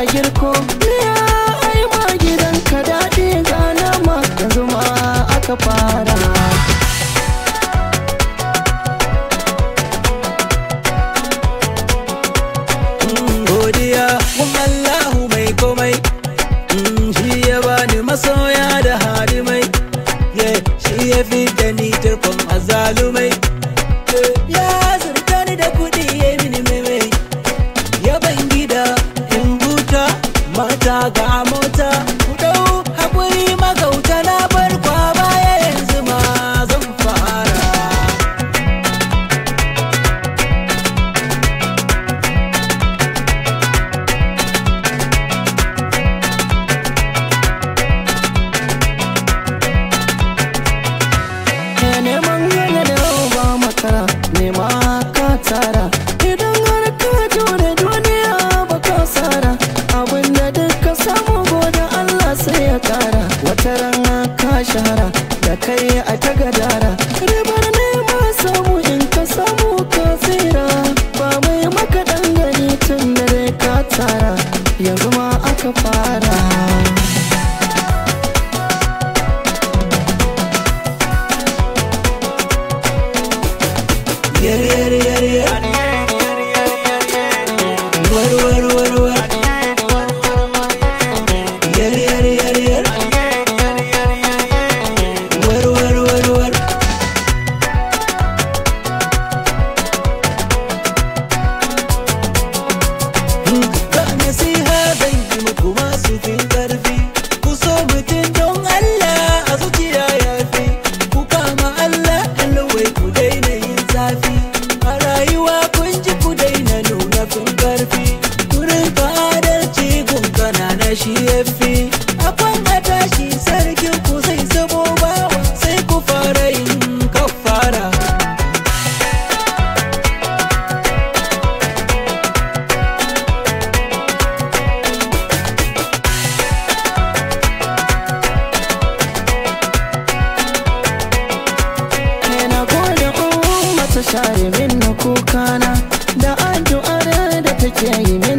a girko miya ai ma ka daɗi ga ma yanzu ma aka fara idan har ka duniya ba Allah sai ya kara wata rana ka shahara da kai ana da addu'ar da take yi